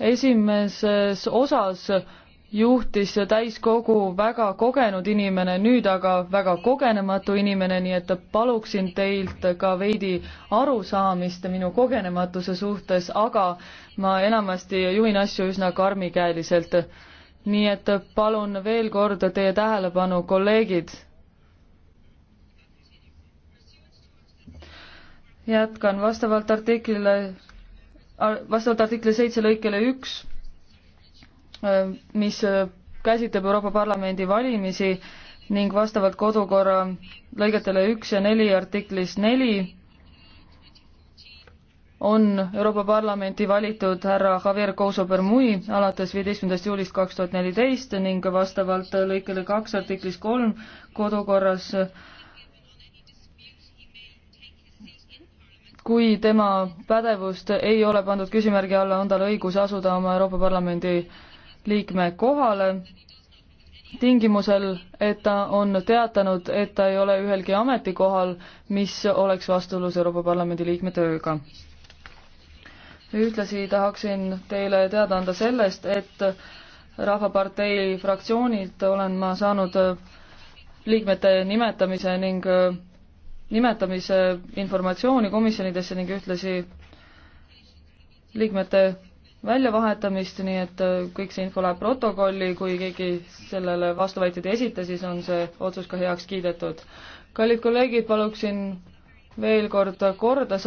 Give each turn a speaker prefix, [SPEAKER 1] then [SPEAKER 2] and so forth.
[SPEAKER 1] esimeses osas juhtis täiskogu väga kogenud inimene, nüüd aga väga kogenematu inimene, nii et paluksin teilt ka veidi arusaamist minu kogenematuse suhtes, aga ma enamasti juhin asju üsna karmikäeliselt. nii et palun veel kord teie tähelepanu, kolleegid. jätkan vastavalt artiklile vastavalt artikli seitse lõikele üks, mis käsitleb Euroopa Parlamendi valimisi ning vastavalt kodukorra lõigetele üks ja neli artiklis neli on Euroopa Parlamenti valitud härra Javier Couso Bermui alates viieteistkümnendast juulist kaks tuhat neliteist ning vastavalt lõikele kaks artiklis kolm kodukorras kui tema pädevust ei ole pandud küsimärgi alla, on tal õigus asuda oma Euroopa Parlamendi liikme kohale tingimusel, et ta on teatanud, et ta ei ole ühelgi ametikohal, mis oleks vastuolus Euroopa Parlamendi liikme tööga. ühtlasi tahaksin teile teada anda sellest, et Rahvapartei fraktsioonilt olen ma saanud liikmete nimetamise ning nimetamise informatsiooni komisjonidesse ning ühtlasi liikmete väljavahetamist, nii et äh, kõik see info läheb protokolli, kui keegi sellele vastuväiteid ei esita, siis on see otsus ka heaks kiidetud. kallid kolleegid, paluksin veel kord korda saada